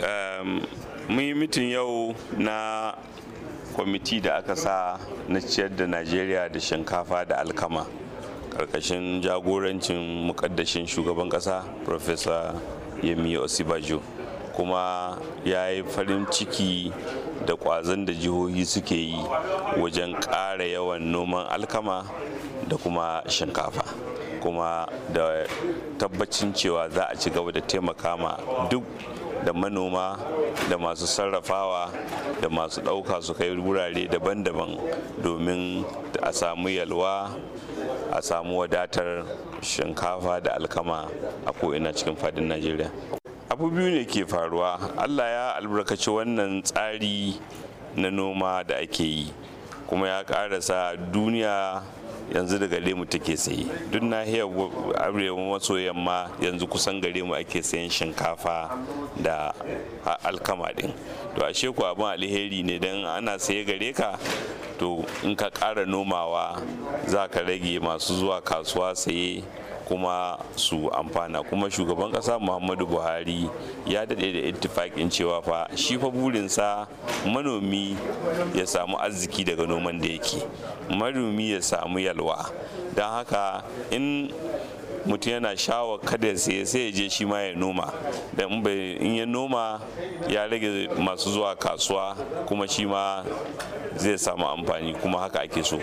Ehm, mun yi mitin yau na kwamiti da aka sa na ciyar da najeriya da shinkafa da alkama karkashin jagorancin mukaddashin shugaban kasa professor yemi osibajo kuma ya yi farin ciki da kwazon da jihohi suke yi wajen ƙara yawan noman alkama da kuma shinkafa kuma da tabbacin cewa za a ci gaba da taimaka ma duk da manoma da masu sarrafawa da masu ɗauka su kai wurare daban-daban domin a samu yalwa a samu wadatar shinkafa da alkama a ko'ina cikin fadin najeriya abu biyu ne ke faruwa allah ya albarkaci wannan tsari na noma da ake yi kuma ya sa duniya yanzu da gare mu take sayi duk nahiyar arewa maso yamma yanzu kusan gare mu ake sayan shinkafa da alkama din to ashe ku abin alheri ne don ana saye gare ka to in ka ƙara nomawa za ka rage masu zuwa kasuwa saye kuma su amfana kuma shugaban ƙasa muhammadu buhari ya daɗe da ittifaƙin cewa fa shi fa burinsa manomi ya samu arziki daga noman da yake manomi ya samu yalwa don haka in mutum yana shawa kada ya sai sai ya je shi ma ya noma da in ya noma ya rage masu zuwa kasuwa kuma shi ma zai samu amfani kuma haka ake so